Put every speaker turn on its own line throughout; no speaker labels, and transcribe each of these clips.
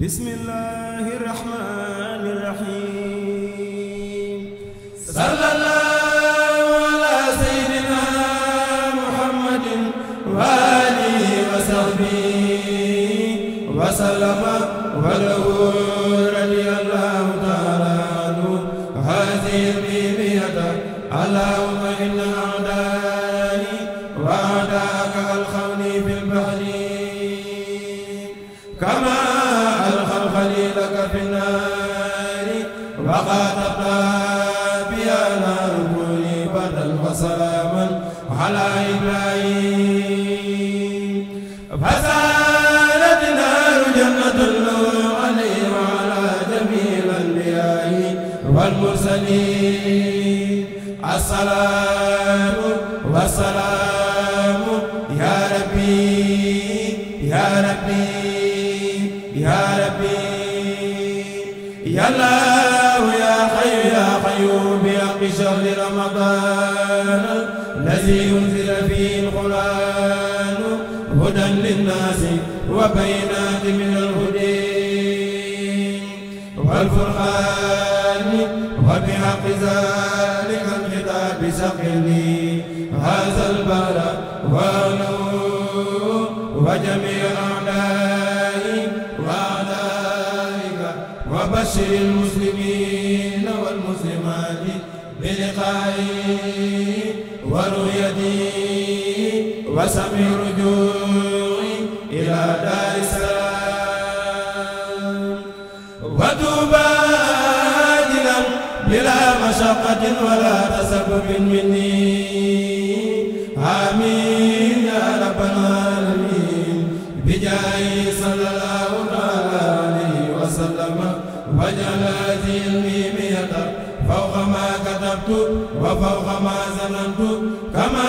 Bismillah وسلم وله رضي الله تعالى عنه هذه البيبية اللهم إن أعدائي وأعداءك ألخوني في البحر كما ألقى الخليلك في النار وقد أبدى بها نار بدل وسلاما على إبراهيم وسلام وسلام يا ربي يا ربي يا ربي يا الله يا حي يا قيوم يا شهر رمضان الذي ينزل فيه القران هدى للناس وبينات من الهدى والفرقان لي هذا البر وجميع أعدائي وأعدائك وبشر المسلمين والمسلمات بلقائي ورؤيتي وسمير تقتل ولا تسب من مني آمين يا رب العالمين بجاه صلى الله عليه وسلم واجعل هذه الميمية فوق ما كتبت وفوق ما زننت كما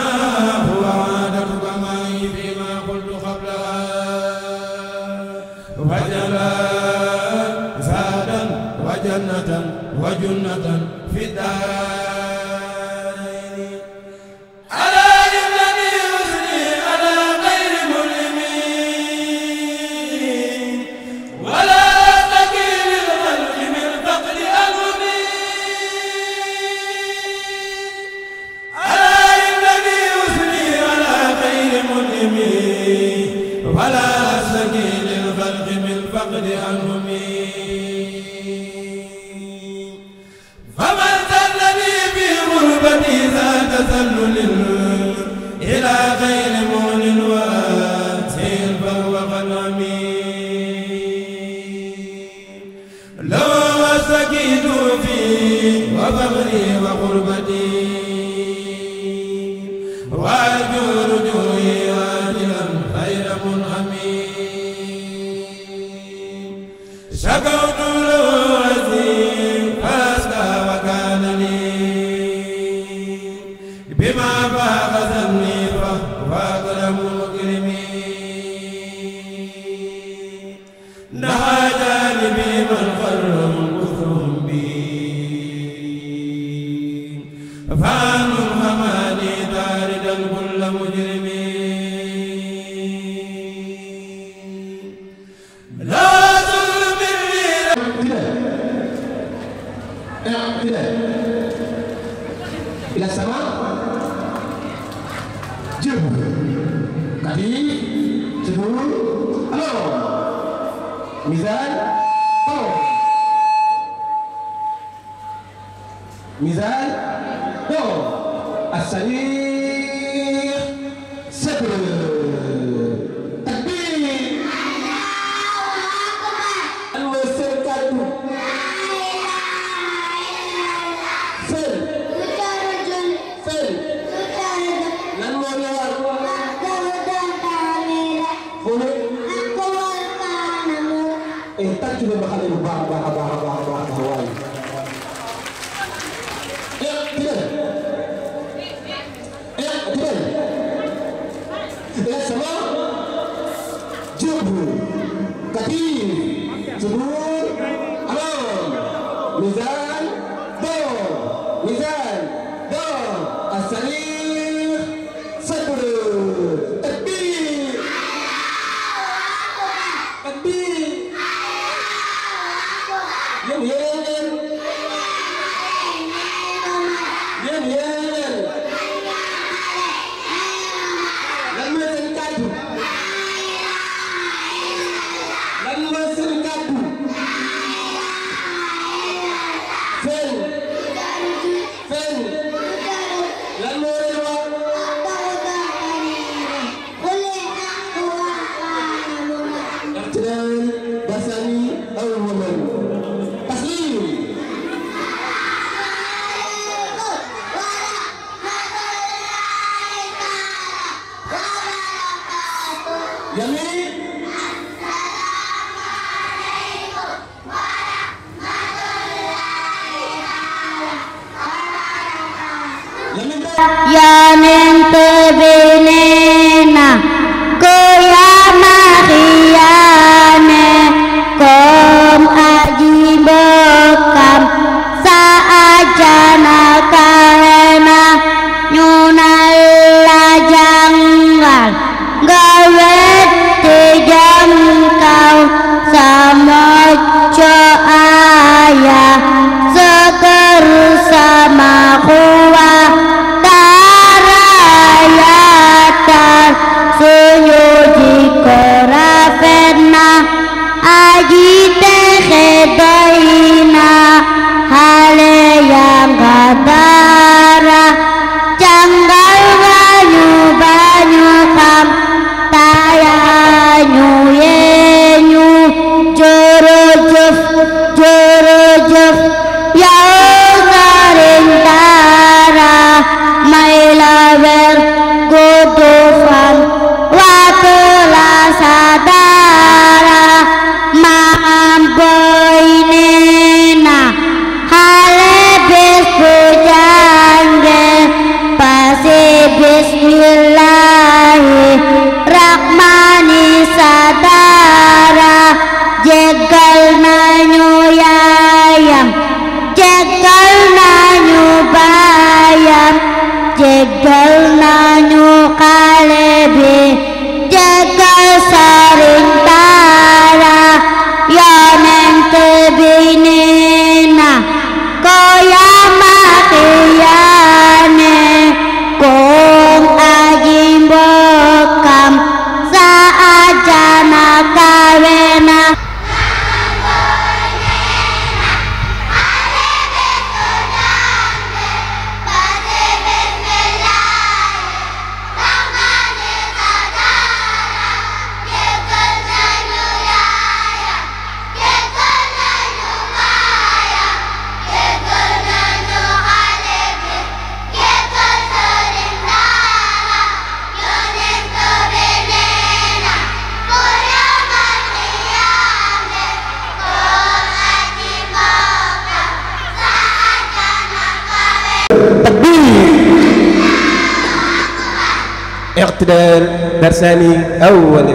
درساني أول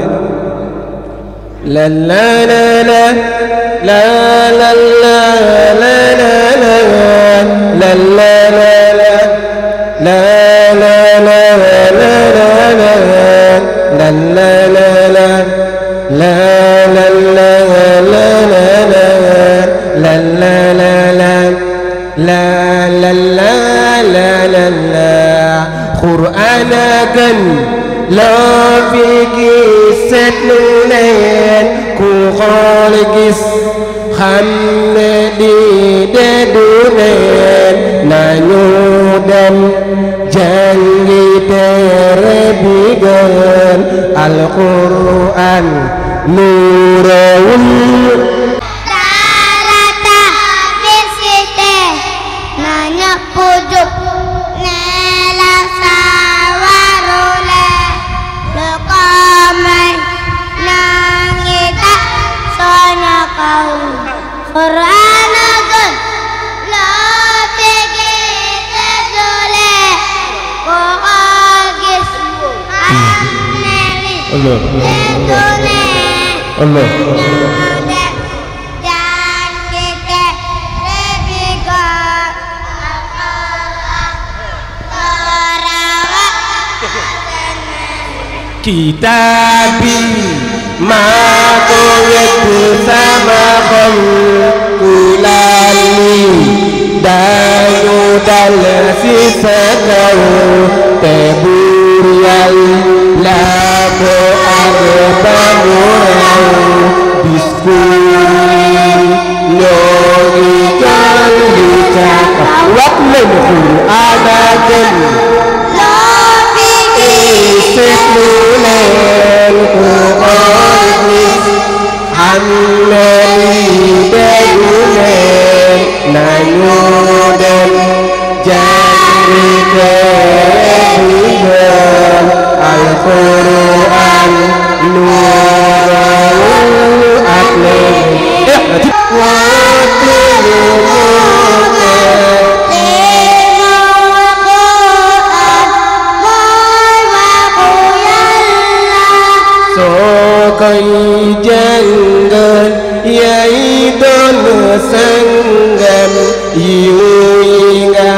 لا لا
الملك أبدا لا مثل القرآن
عما بدنا منودا جنبك بها القرآن نور أقلم
واقلم koy jàngal yay doon sangam yiw yi nga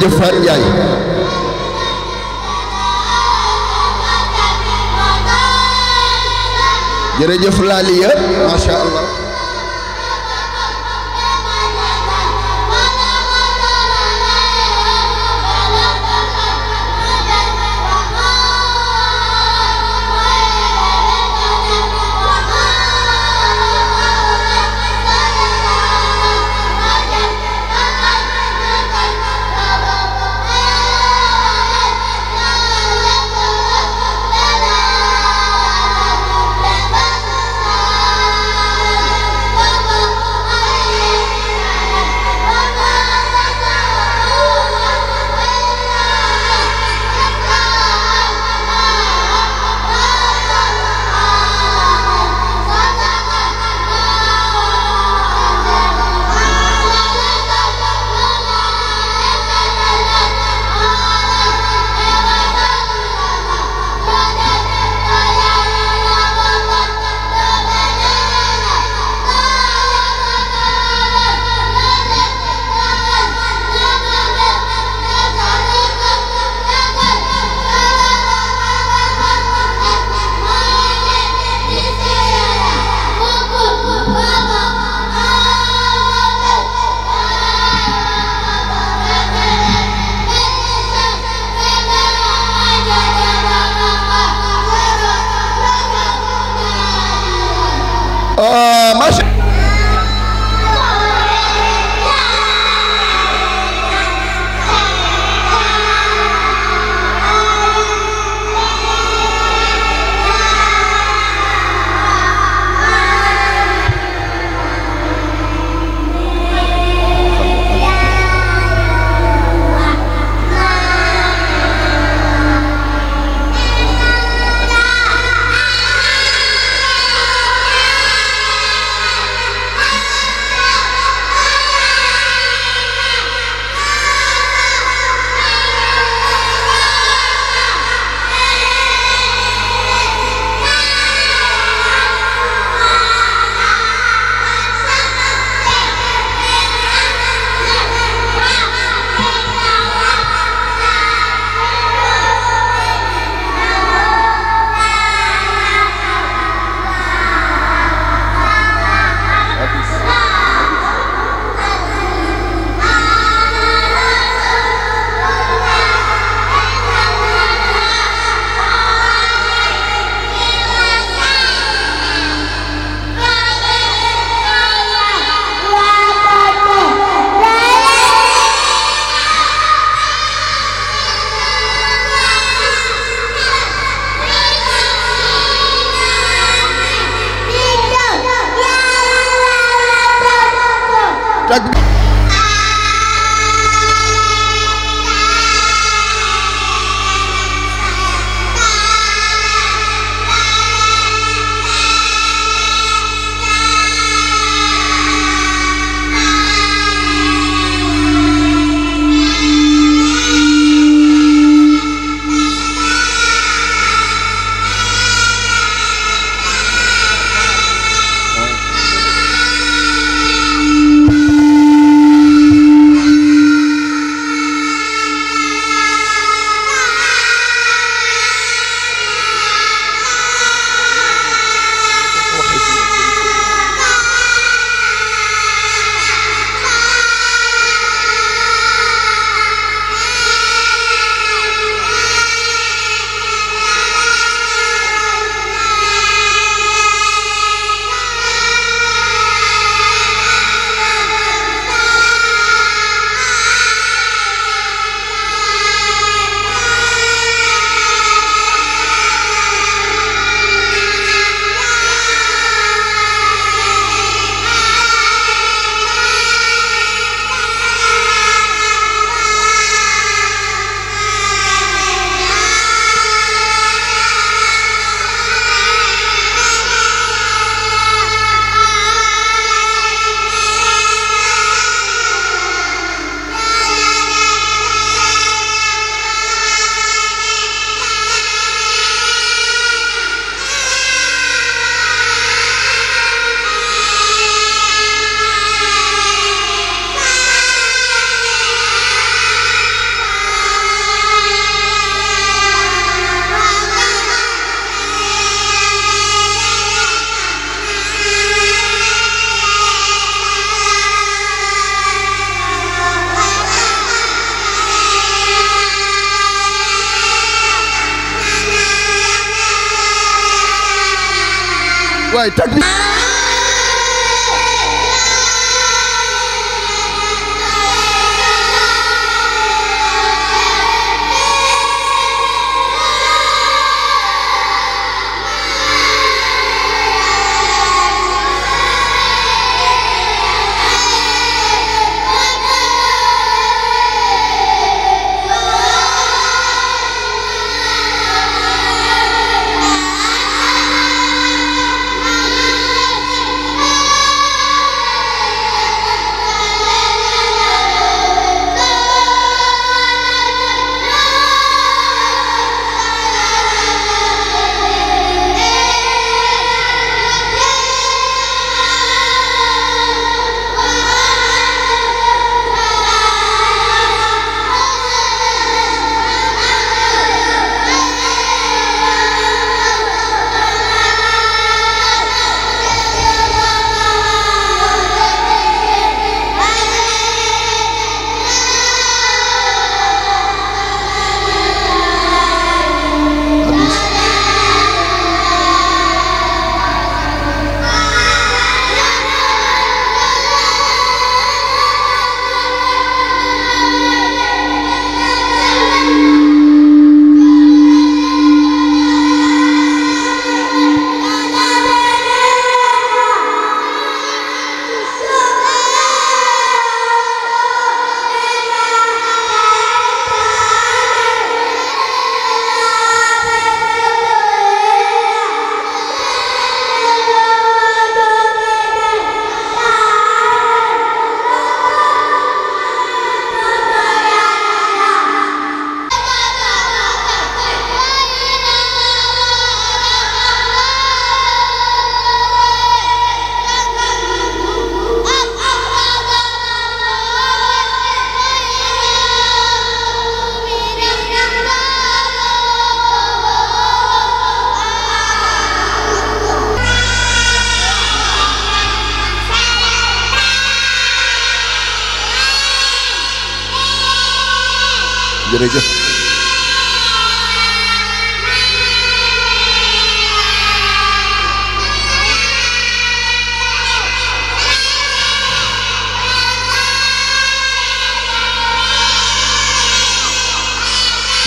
jërëjëf Faat Njaay jërëjëf Laaliya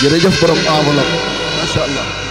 jërëjëf borom enveloppe macha allah.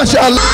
mashallah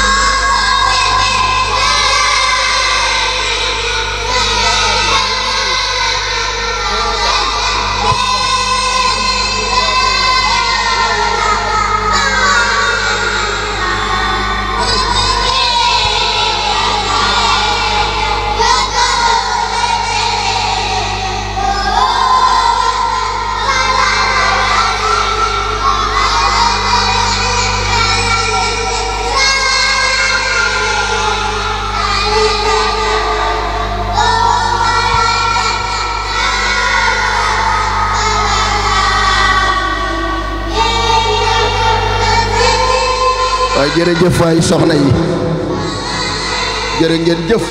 jërëjëf waay soxna yi jërë ngeen jëf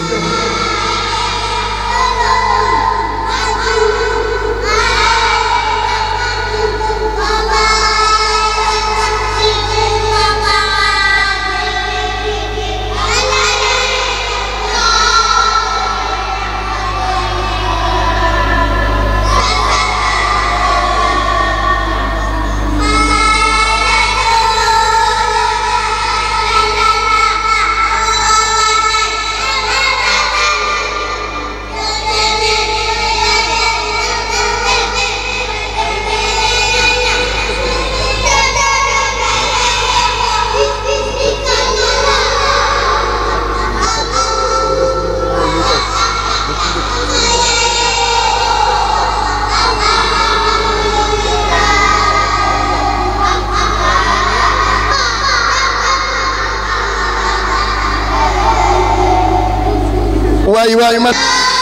where you are, you must.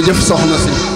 jërëjëf soxna si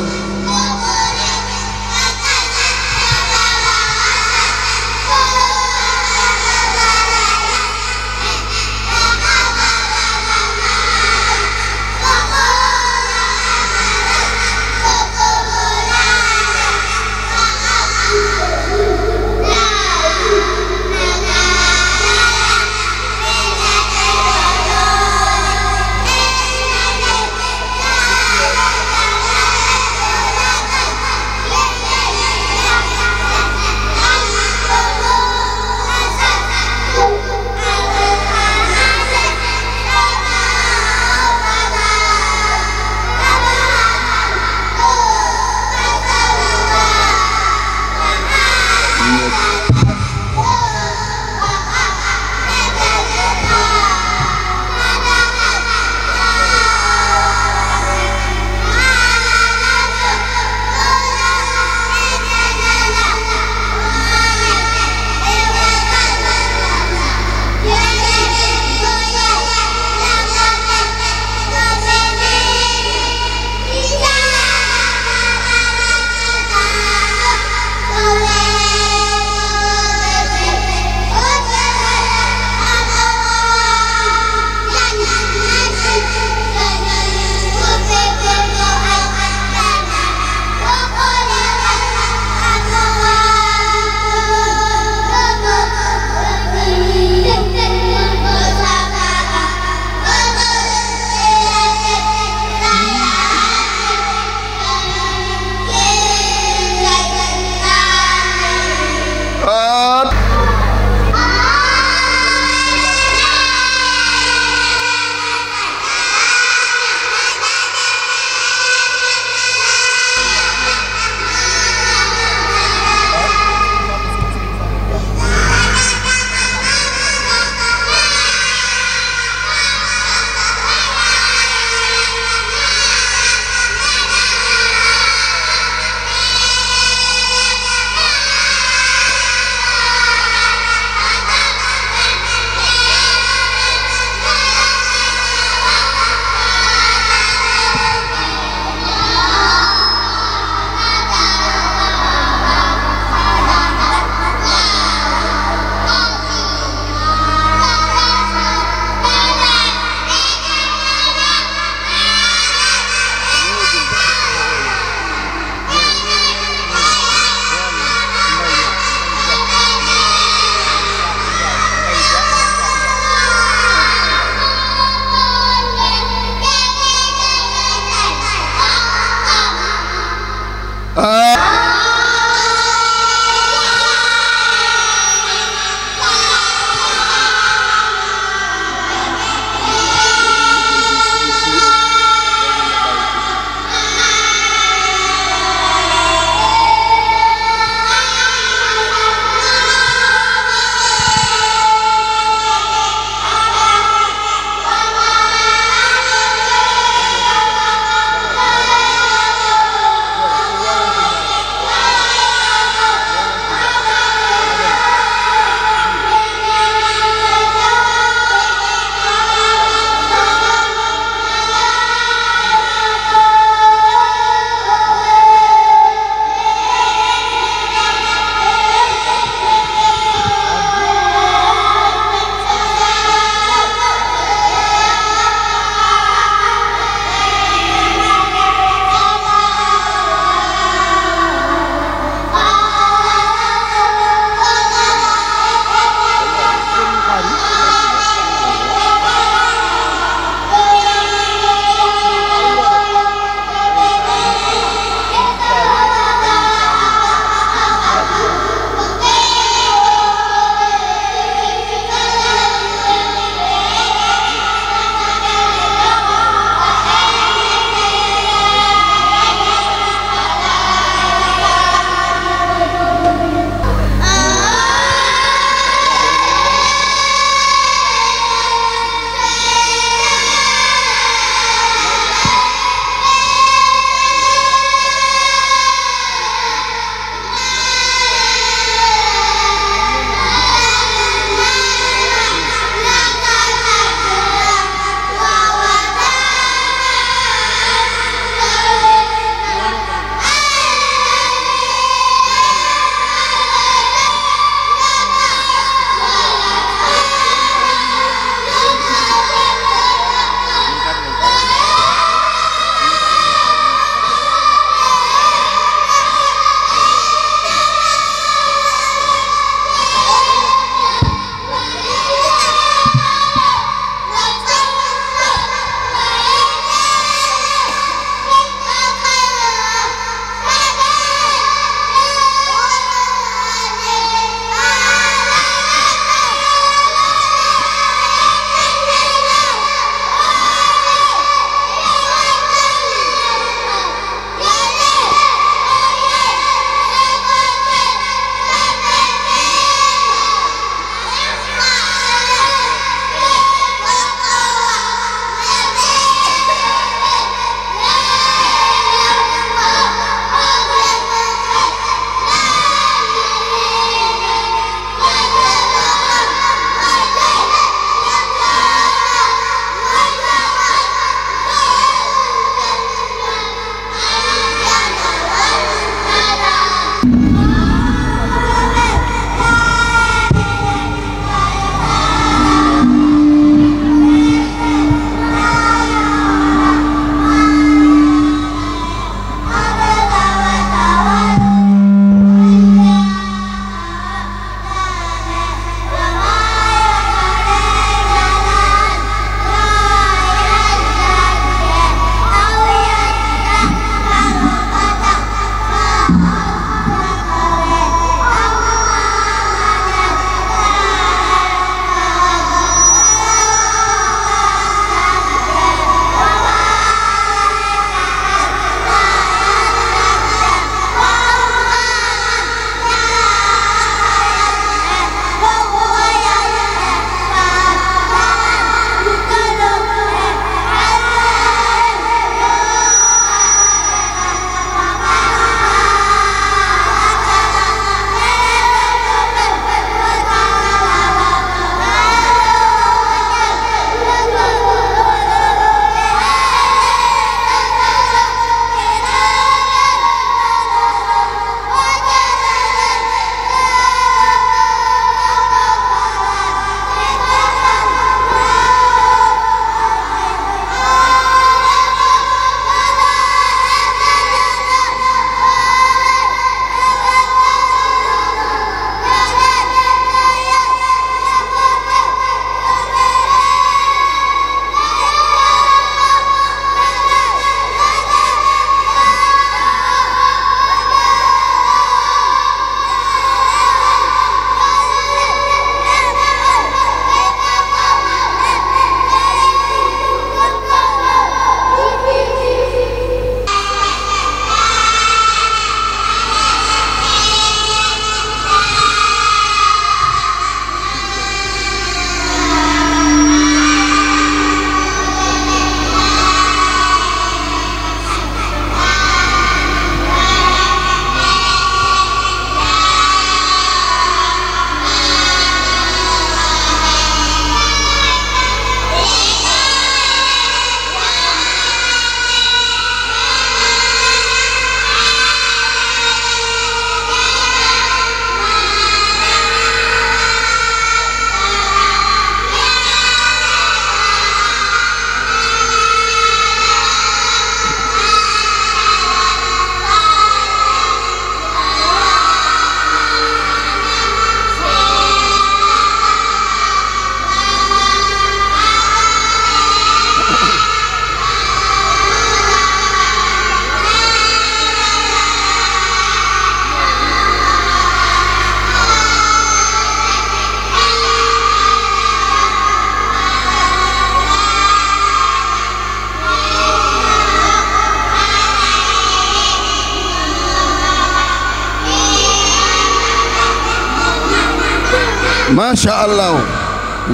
Masya Allah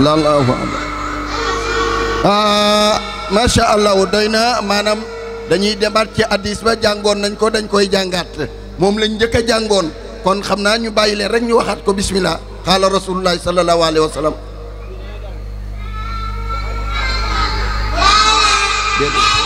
Lallahu Akbar uh, ah, Masya Allah Doina manam Dany debat ci hadis ba jangon nañ ko dañ koy jangat Mom lañ jëk jangon Kon xamna ñu bayile rek ñu waxat ko bismillah Kala Rasulullah sallallahu alaihi wasallam Bismillah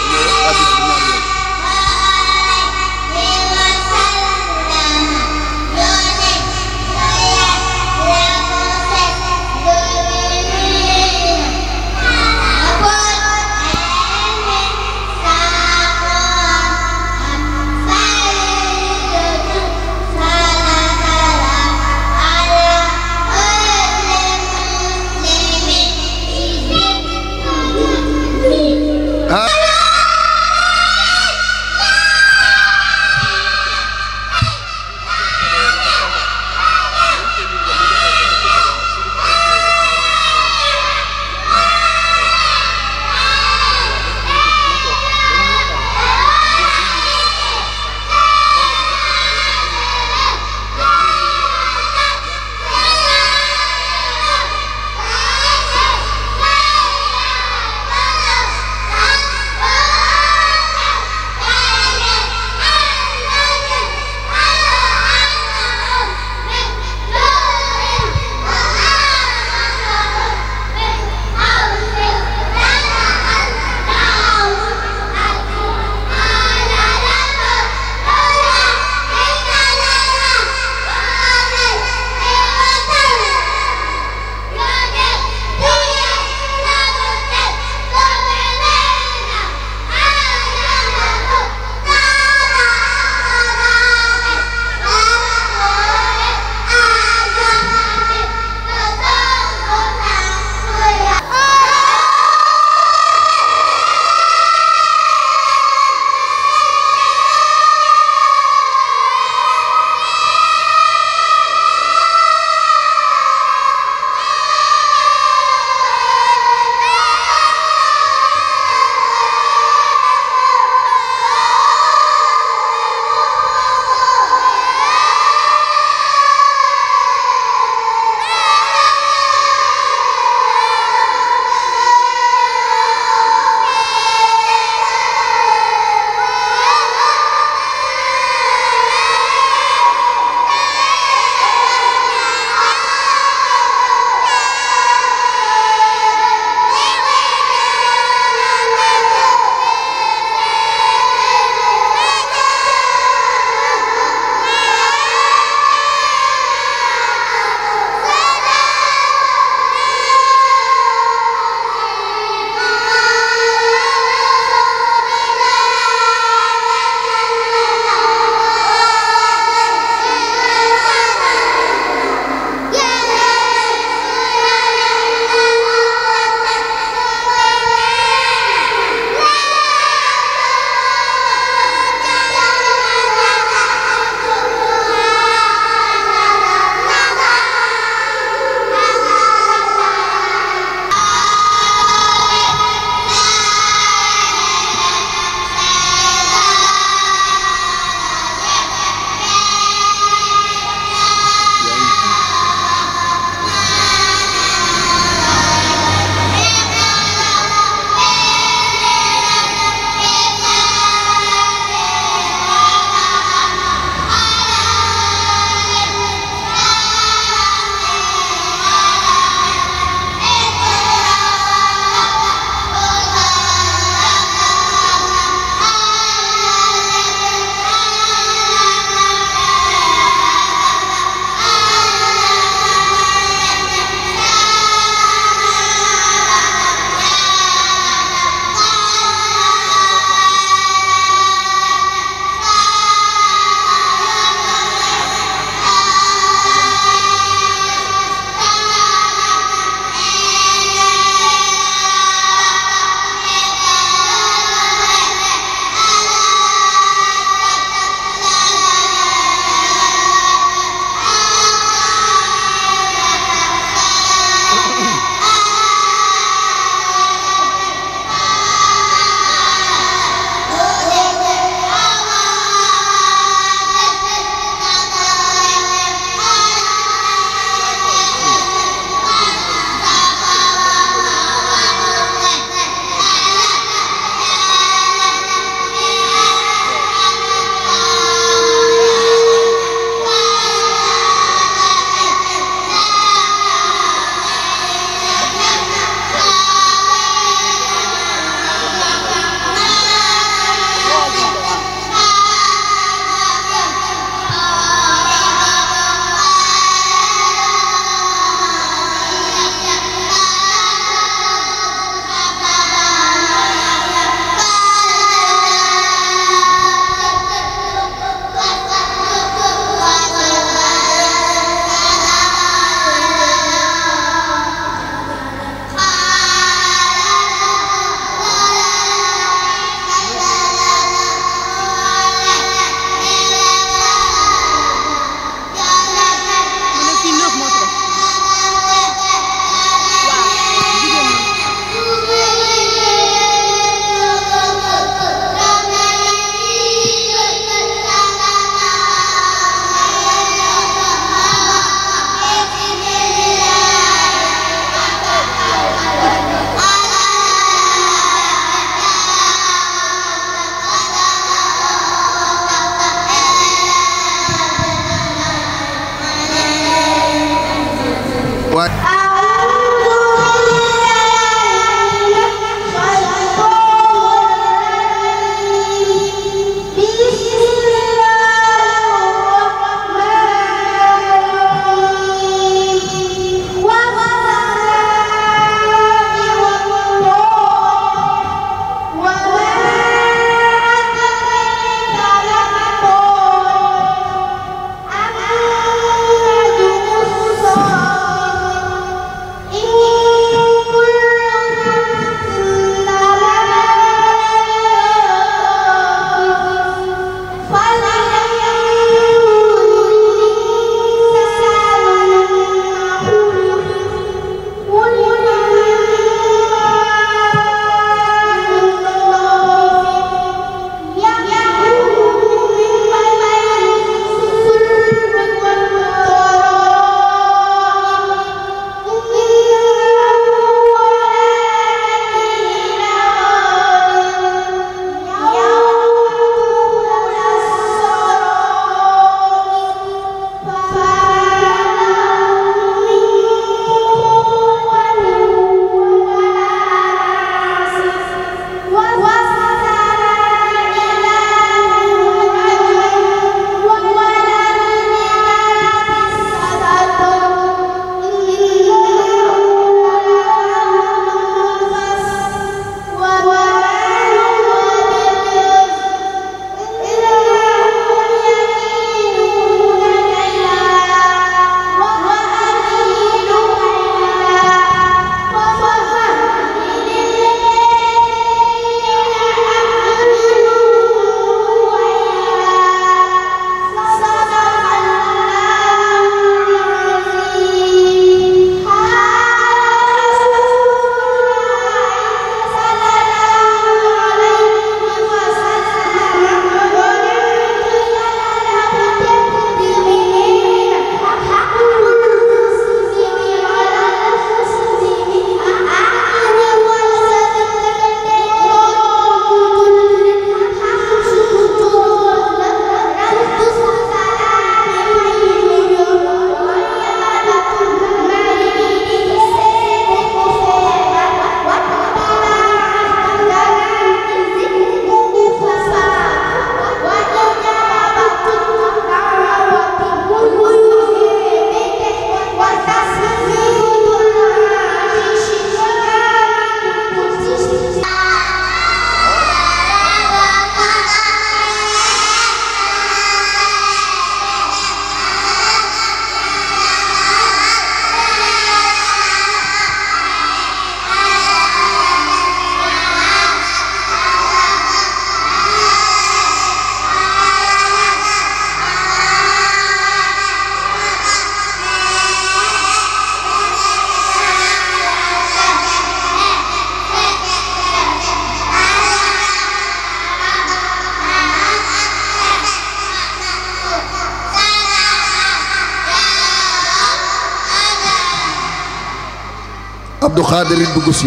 xaadari dugg si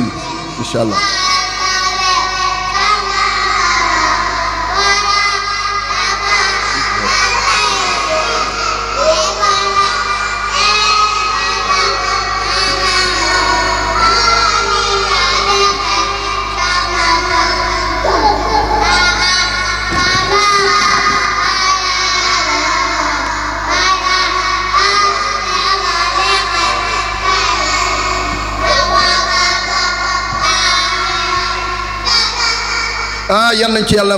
incha allah. yal nañ ci yàlla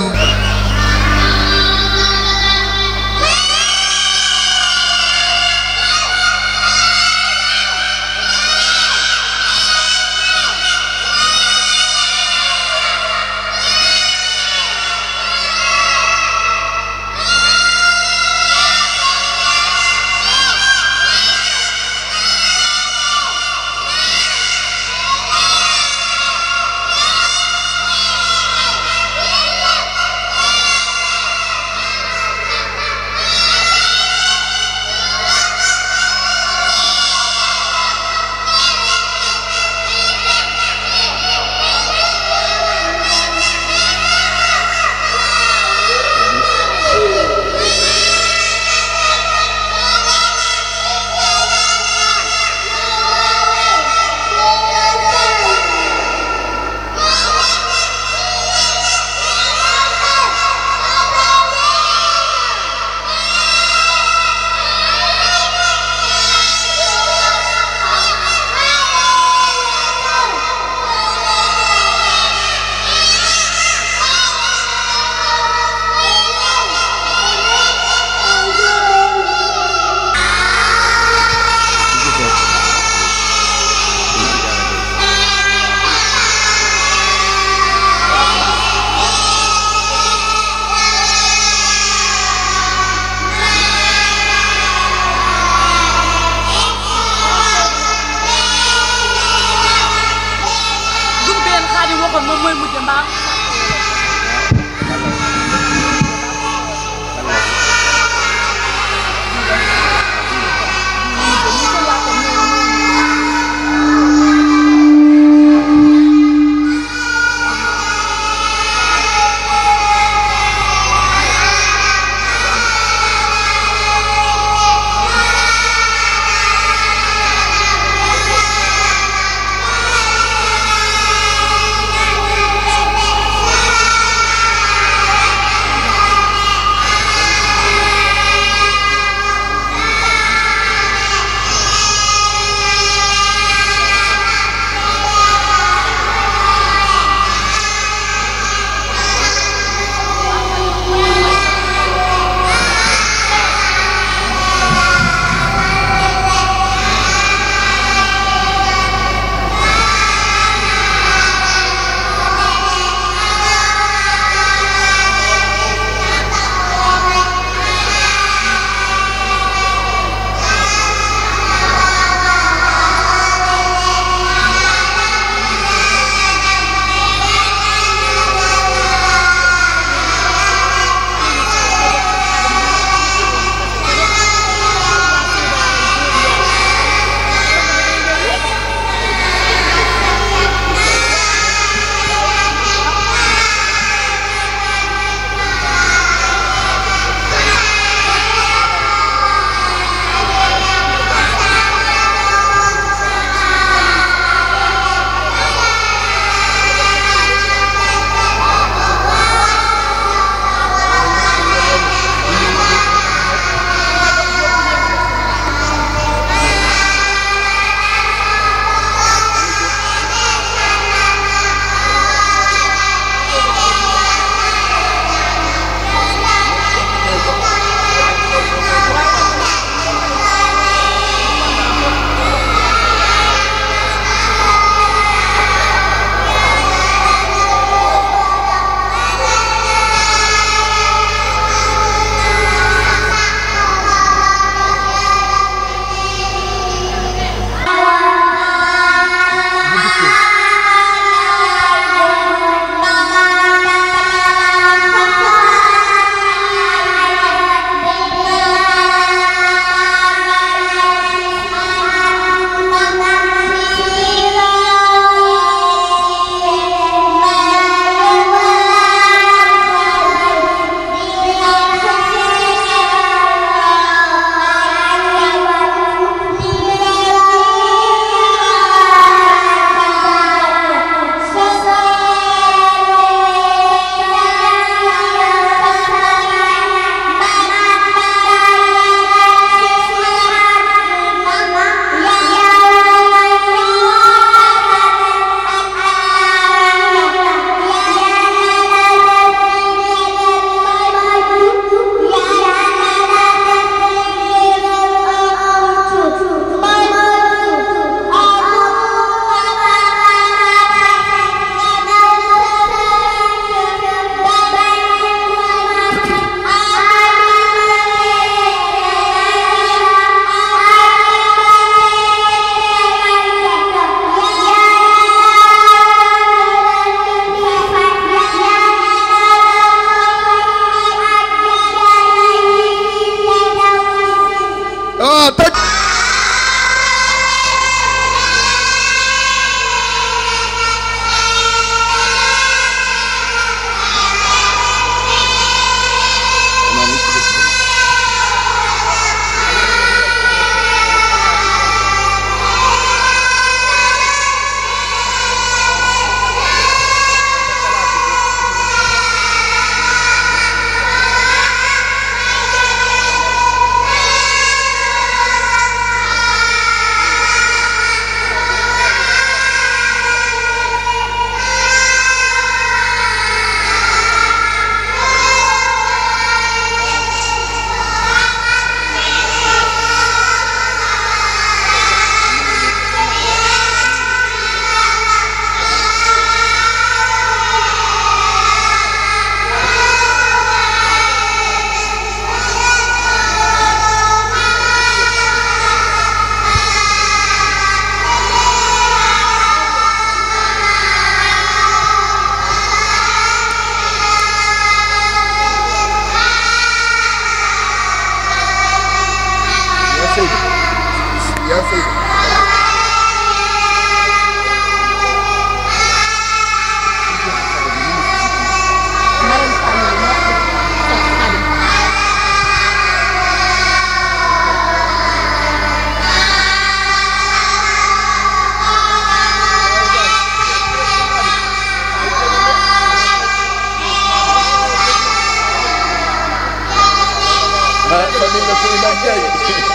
tell you.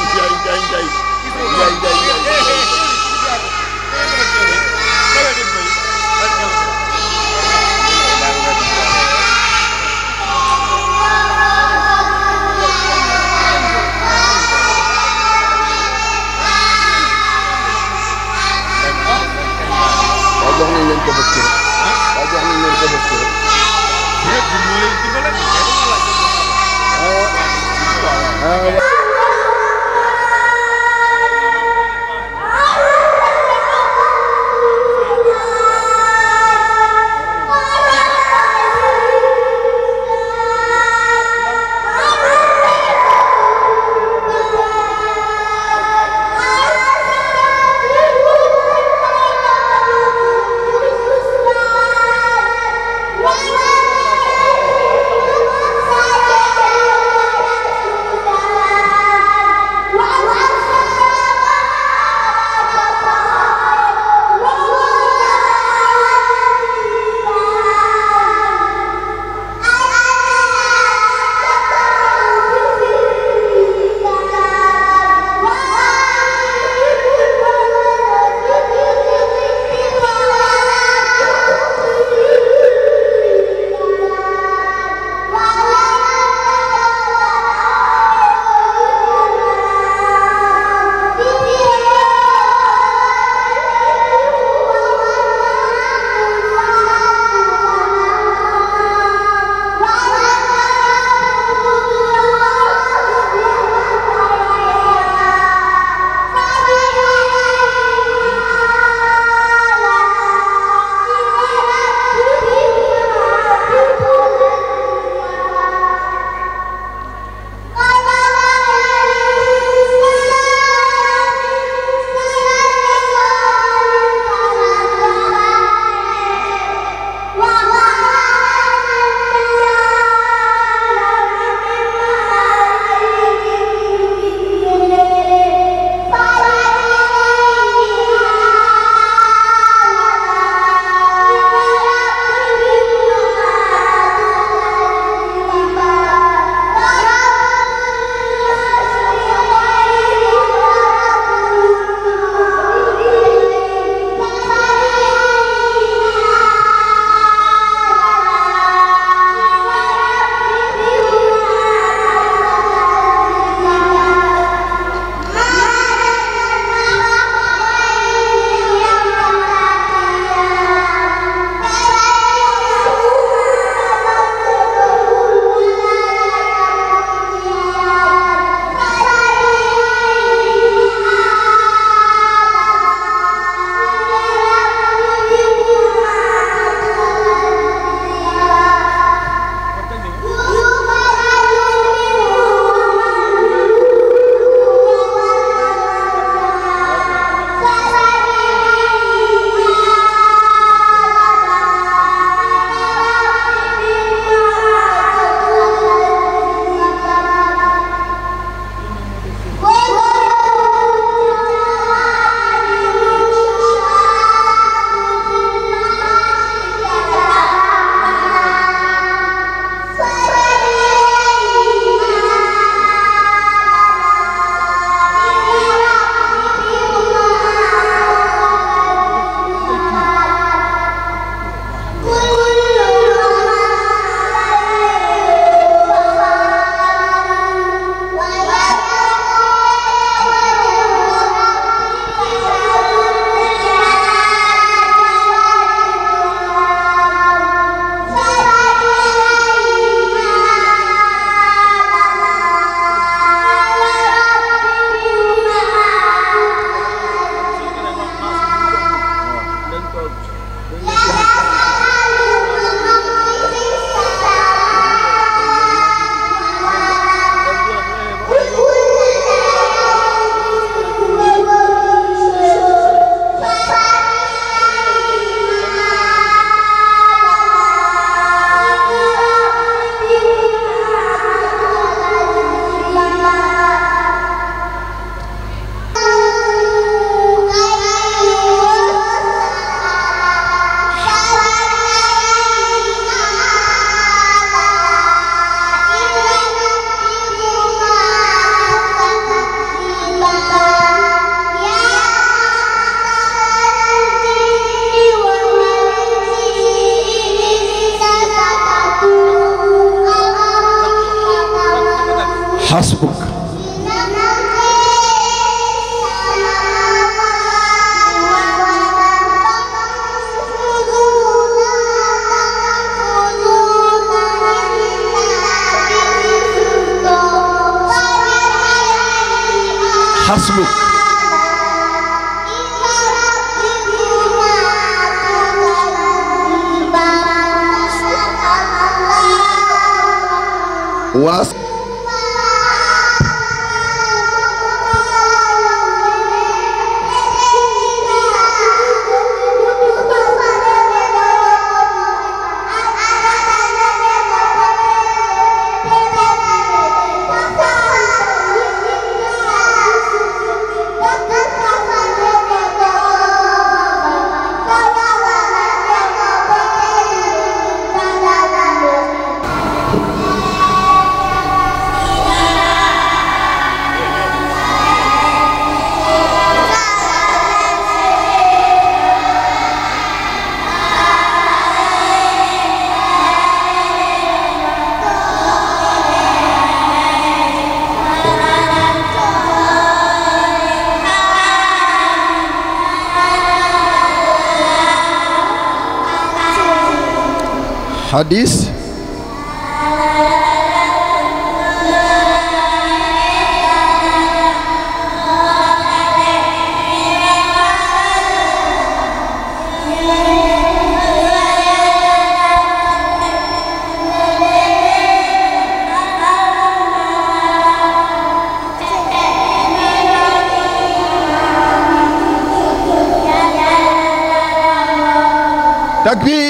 hadis Takbir.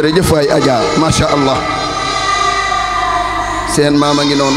jerejef way aja masha allah sen mama ngi nonu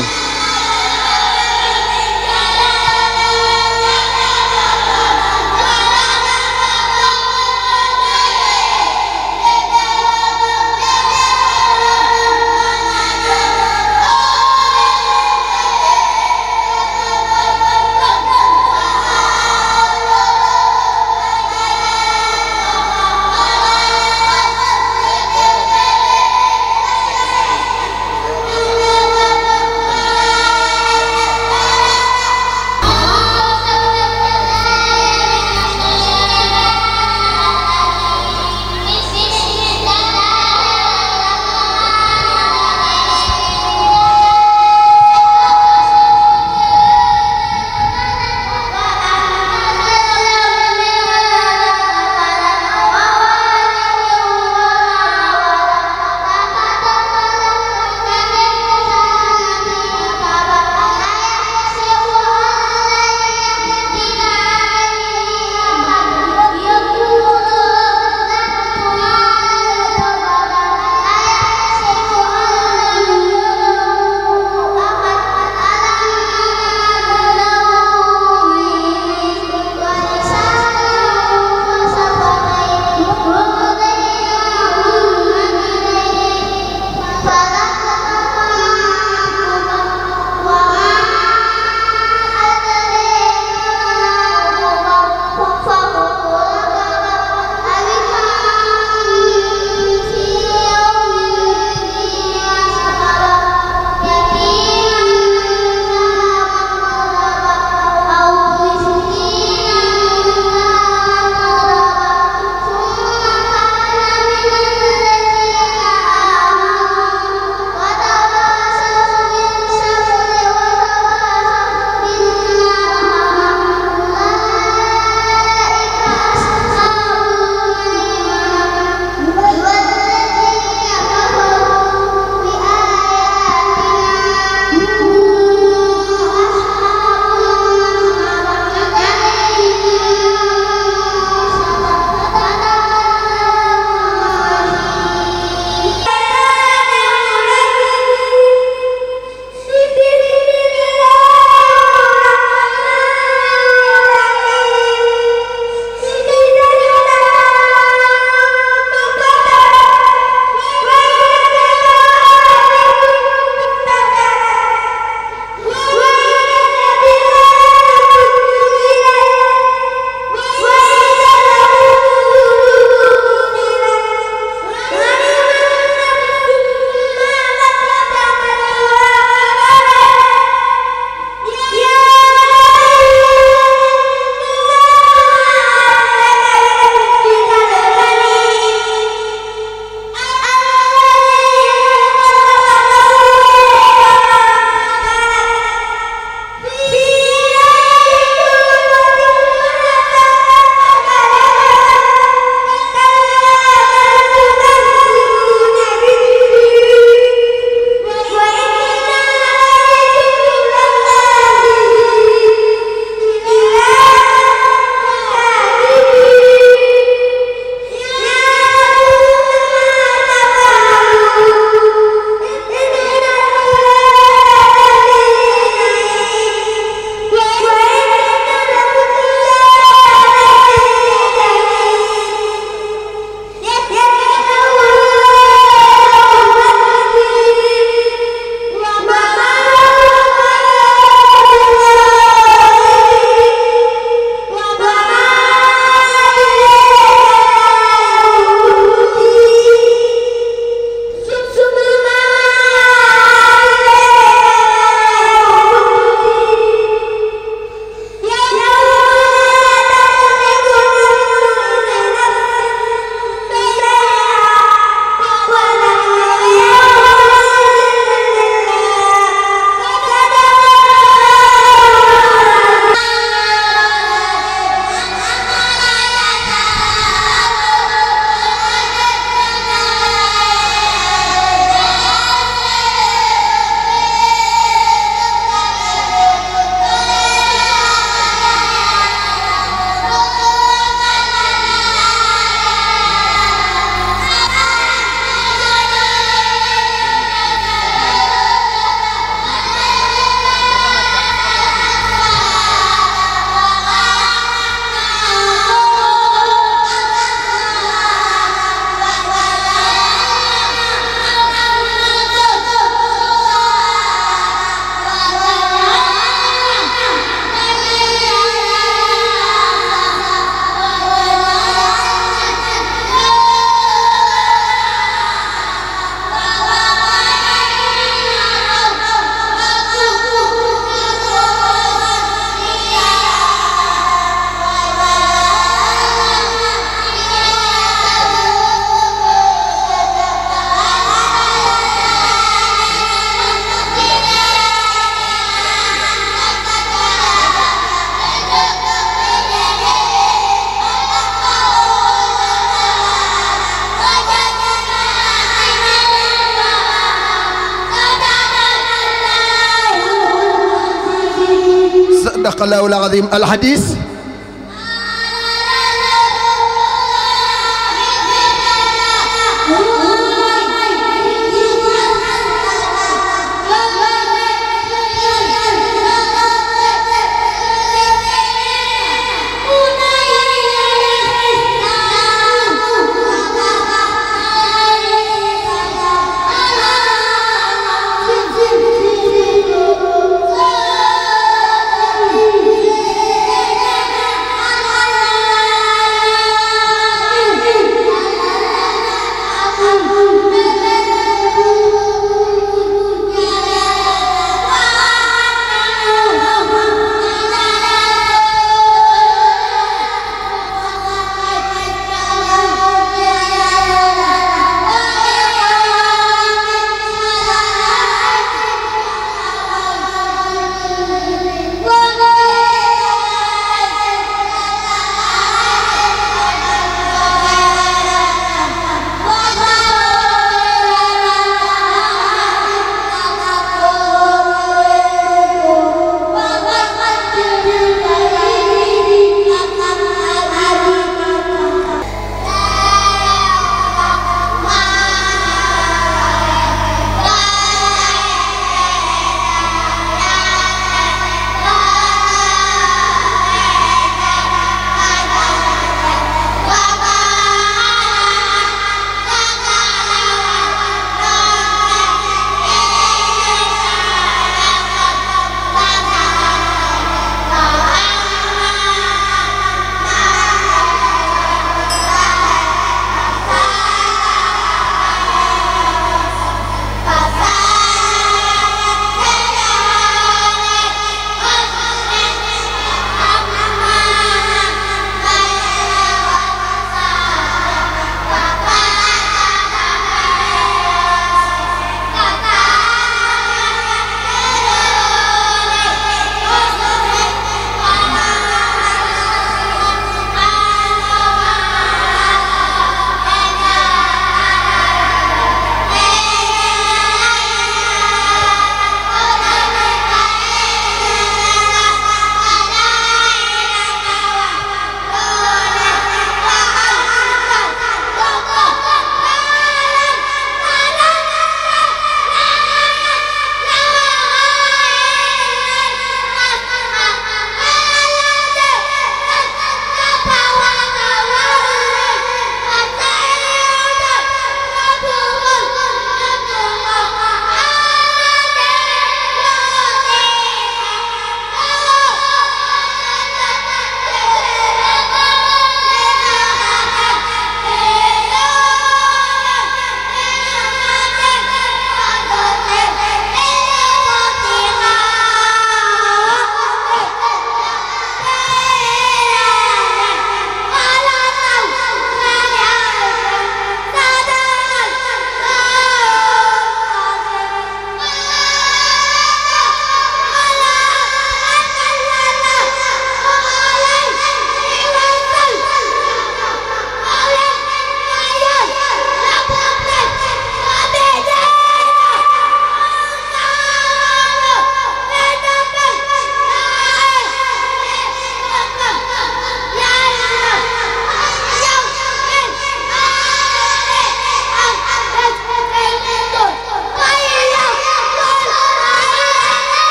العظيم الحديث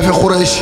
في قريش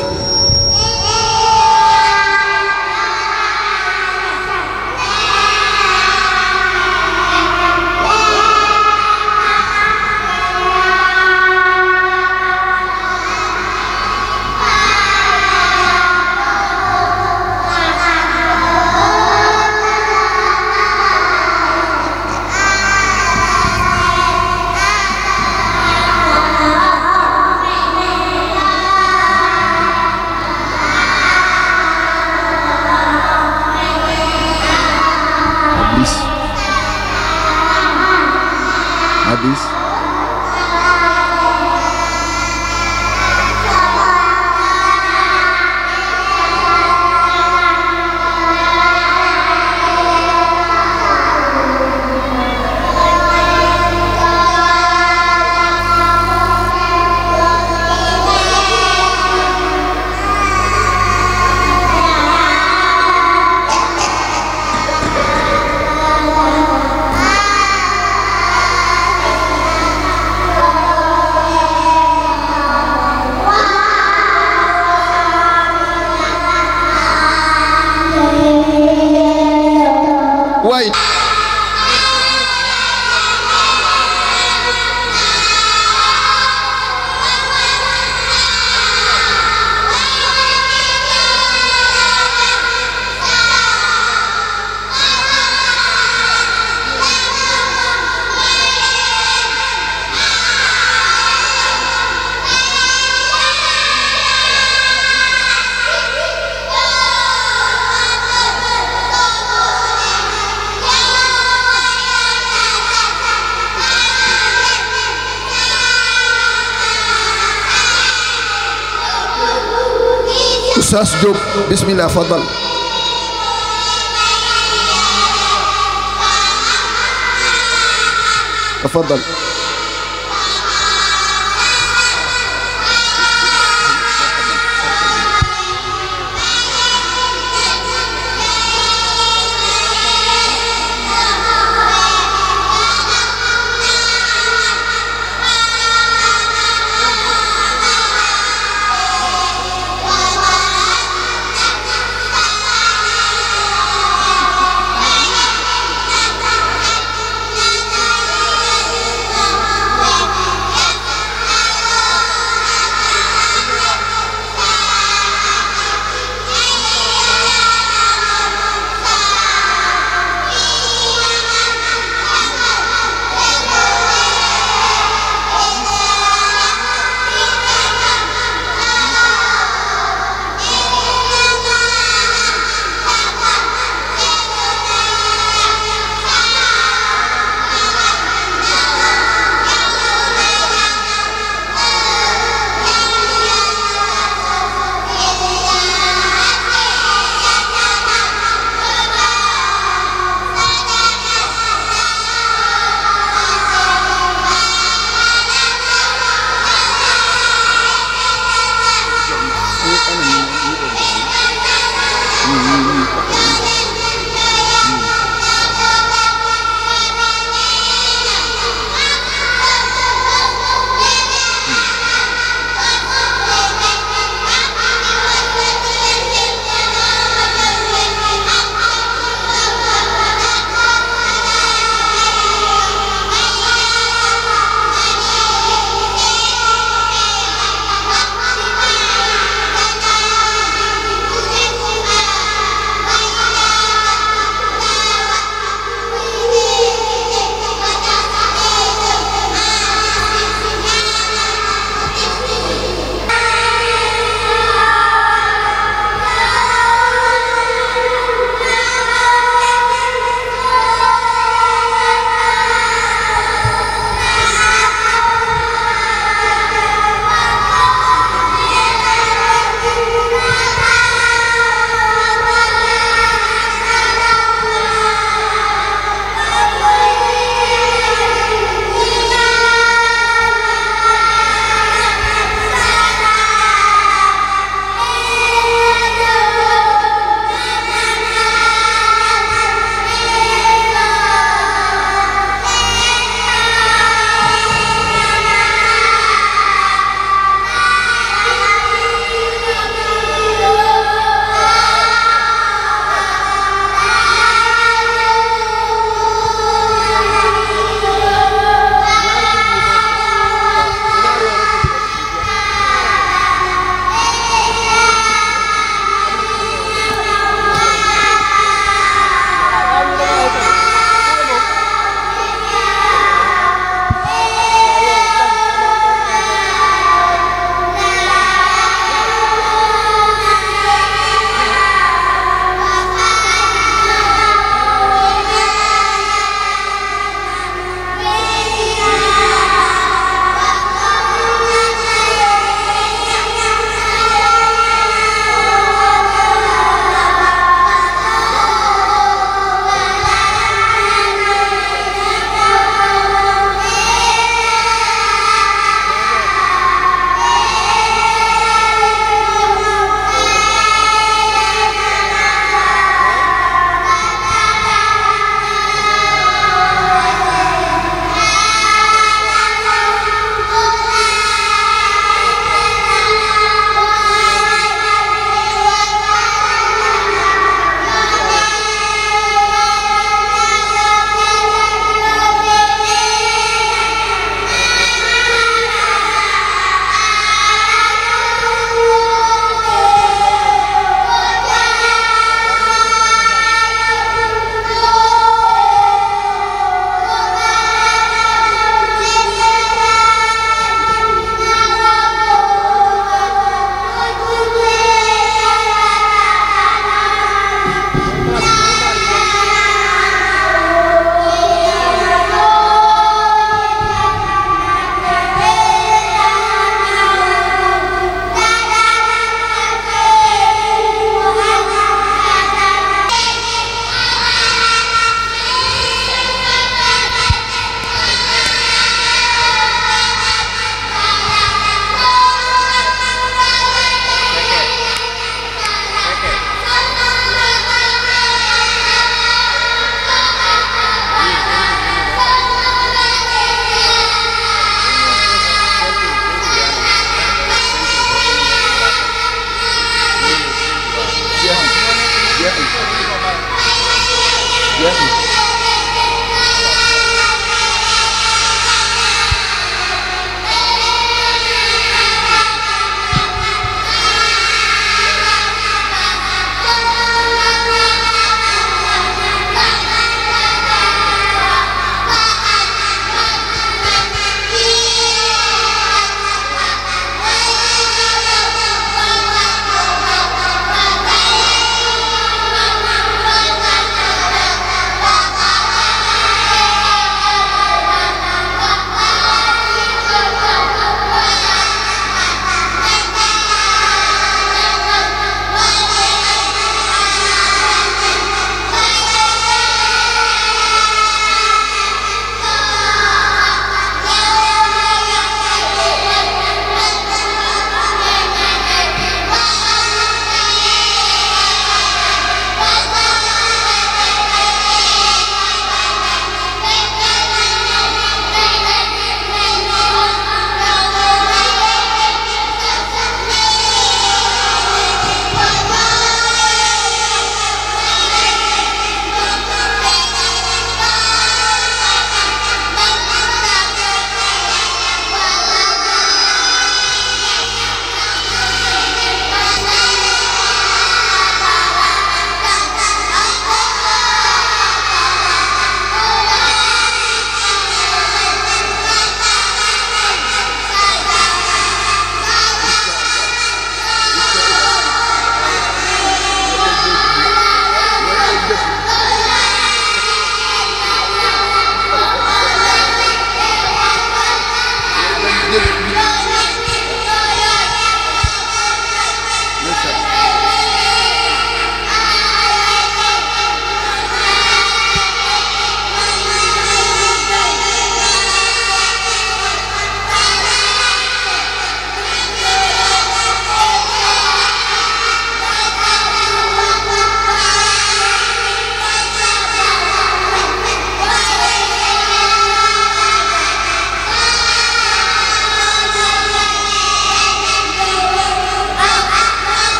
سأسجد بسم الله فضل تفضل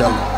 ইনশাল্লাহ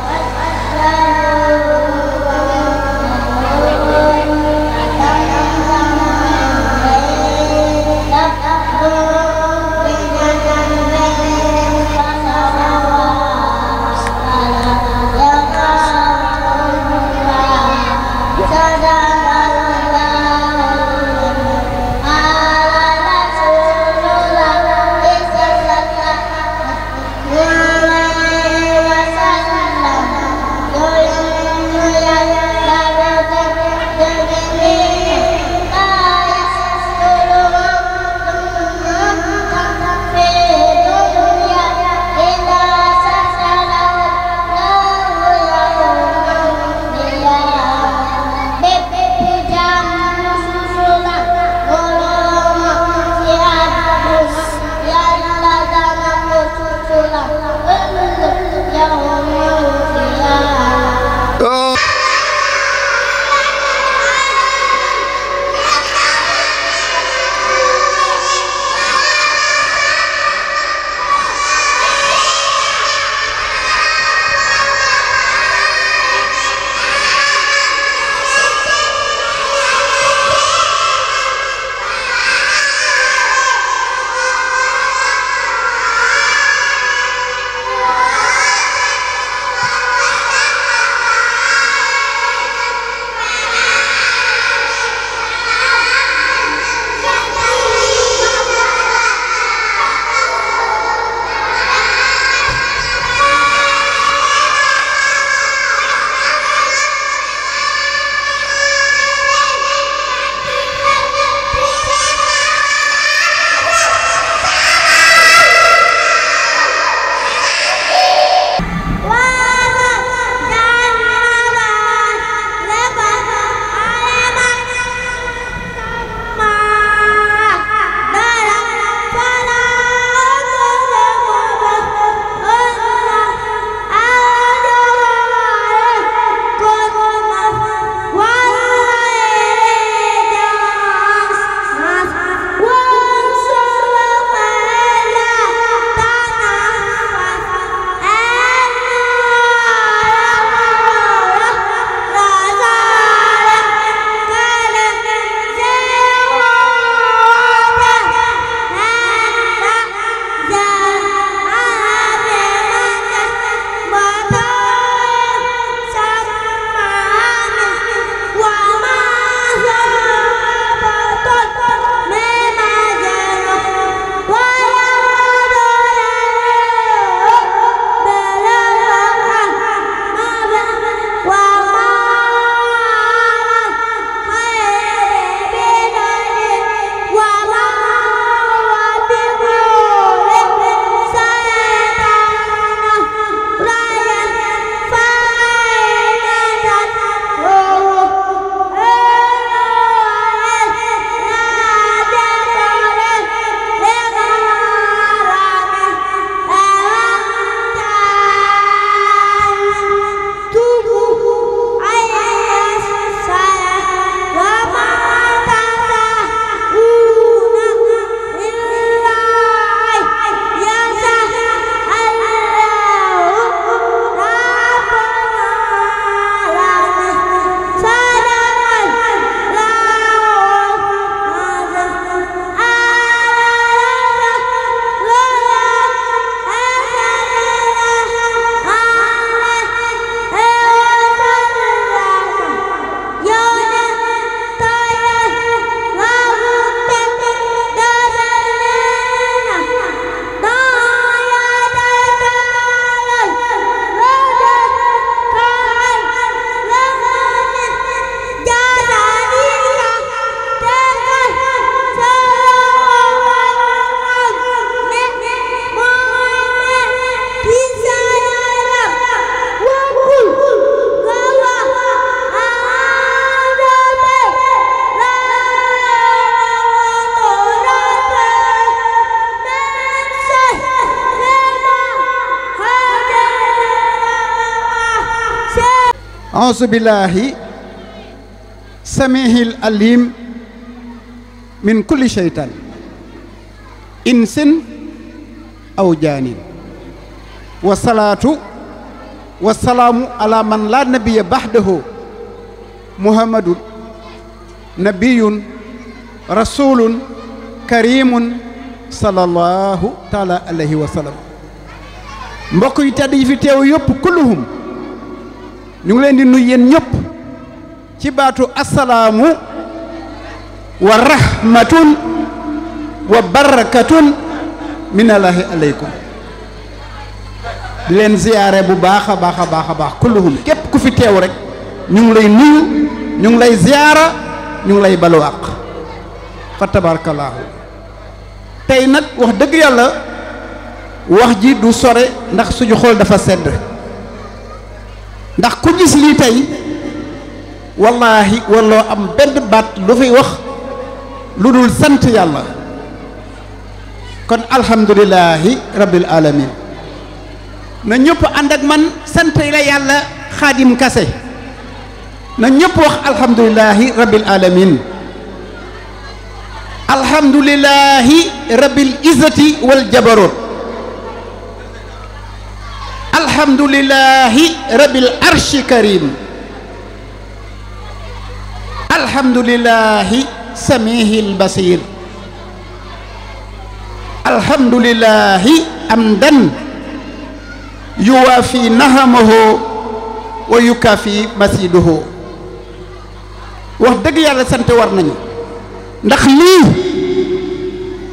أعوذ بالله سميه الأليم من كل شيطان إنس أو جان والصلاة والسلام على من لا نبي بعده محمد نبي رسول كريم صلى الله تعالى عليه وسلم mbokk yu في تيو يوب كلهم ñu ngi leen di nuy yéen ñëpp ci baatu asalaamu wa rahmatun wa barakatun minallaahi aleykum di leen ziyaare bu baax a baax a baax a baax kulluhum képp ku fi teew rek ñu ngi lay nuyu ñu ngi lay ziyaara ñu ngi lay baluwaaq fa tabarakallaahu tey nag wax dëgg yàlla wax ji du sore ndax suñu xool dafa sedd ndax ku gis lii tey wallaahi walloo am benn baat lu fiy wax lu dul sant yàlla kon alhamdulilahi rabbil alamin na ñëpp ànd ak man sant la yàlla xaadim kase na ñëpp wax alhamdulilahi rabbil alamin alhamdulilahi rabbil izzati wal jabaroot الحمد لله رب العرش الكريم الحمد لله سميه البصير الحمد لله امدا يوافي نهمه ويكافي مسيده وخ دغ يالا سانت ورناني نخ لي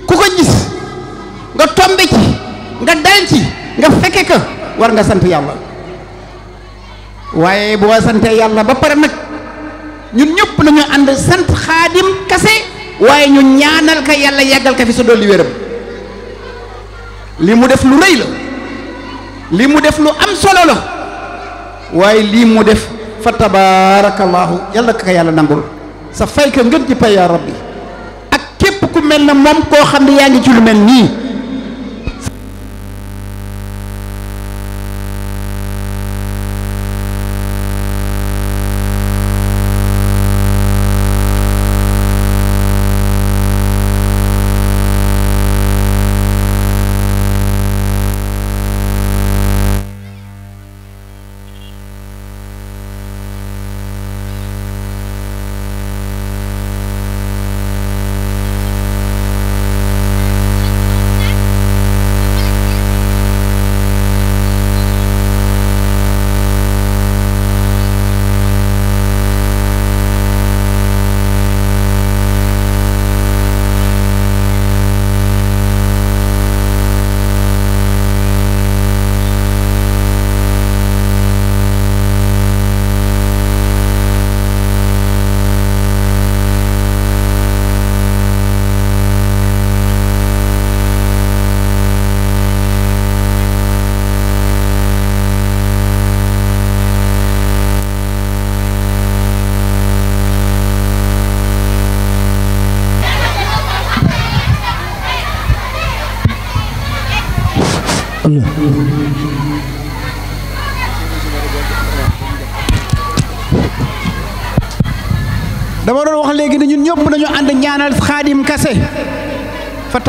كوكو جيس nga tombe ci nga dal ci nga fekke ko war nga sant yàlla waaye boo santee yàlla ba pare nag ñun ñëpp nañu ànd sant xaadim kase waaye ñu ñaanal ka yàlla yàggal ka fi sa dolli wéram li mu def lu rëy la li mu def lu am solo la waaye lii mu def fa tabaarakallaahu yàlla ka yàlla nangul sa fay ka ngën ci pay yaa rabbi ak képp ku mel na moom koo xam ne yaa ngi ci lu mel nii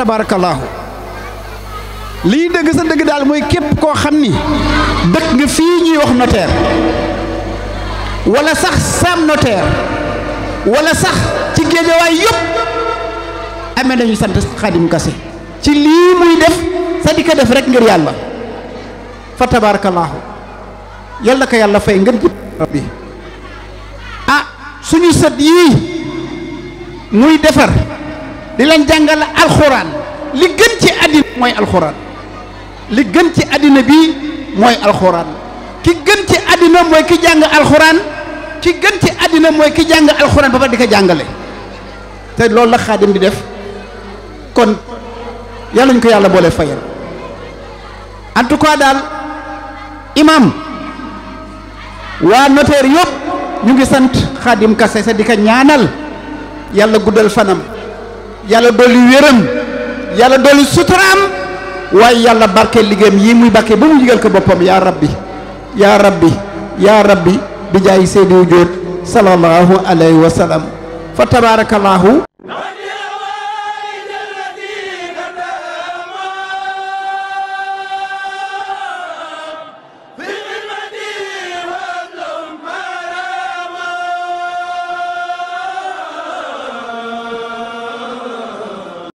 tabarakallah li deug sa deug dal moy kep ko xamni dekk nga fi ñuy wax notaire wala sax sam notaire wala sax ci gëjë way yëpp amé dañu sant khadim kasse ci li muy def sa dika def rek ngir yalla fa tabarakallah yalla ka yalla fay ngeen put rabbi ah suñu sëd yi muy defar di lañ jàngal alxuraan li gën ci àddina mooy alxuraan li gën ci àddina bi mooy alxuraan ki gën ci àddina mooy ki jàng alxuraan ki gën ci àddina mooy ki jàng alxuraan ba pare di ko jàngale te loolu la xaadim di def kon yàlla ñu ko yàlla boole fayal en tout cas daal imam waa notaire yëpp ñu ngi sant xaadim kase di ka ñaanal yàlla guddal fanam yàlla dolli wéram yàlla dolli suturaam waaye yàlla barkeel liggéeyam yi muy bàkkee ba mu yëgal ko boppam yaa rabbi yaa rabbi yaa rabbi bi jaay seydi wu jóot sallallahu alayhi fa tabaarakallaahu